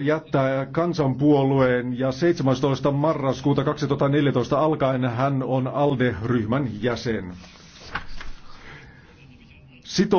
jättää kansanpuolueen ja 17. marraskuuta 2014 alkaen hän on ALDE-ryhmän jäsen. Sito.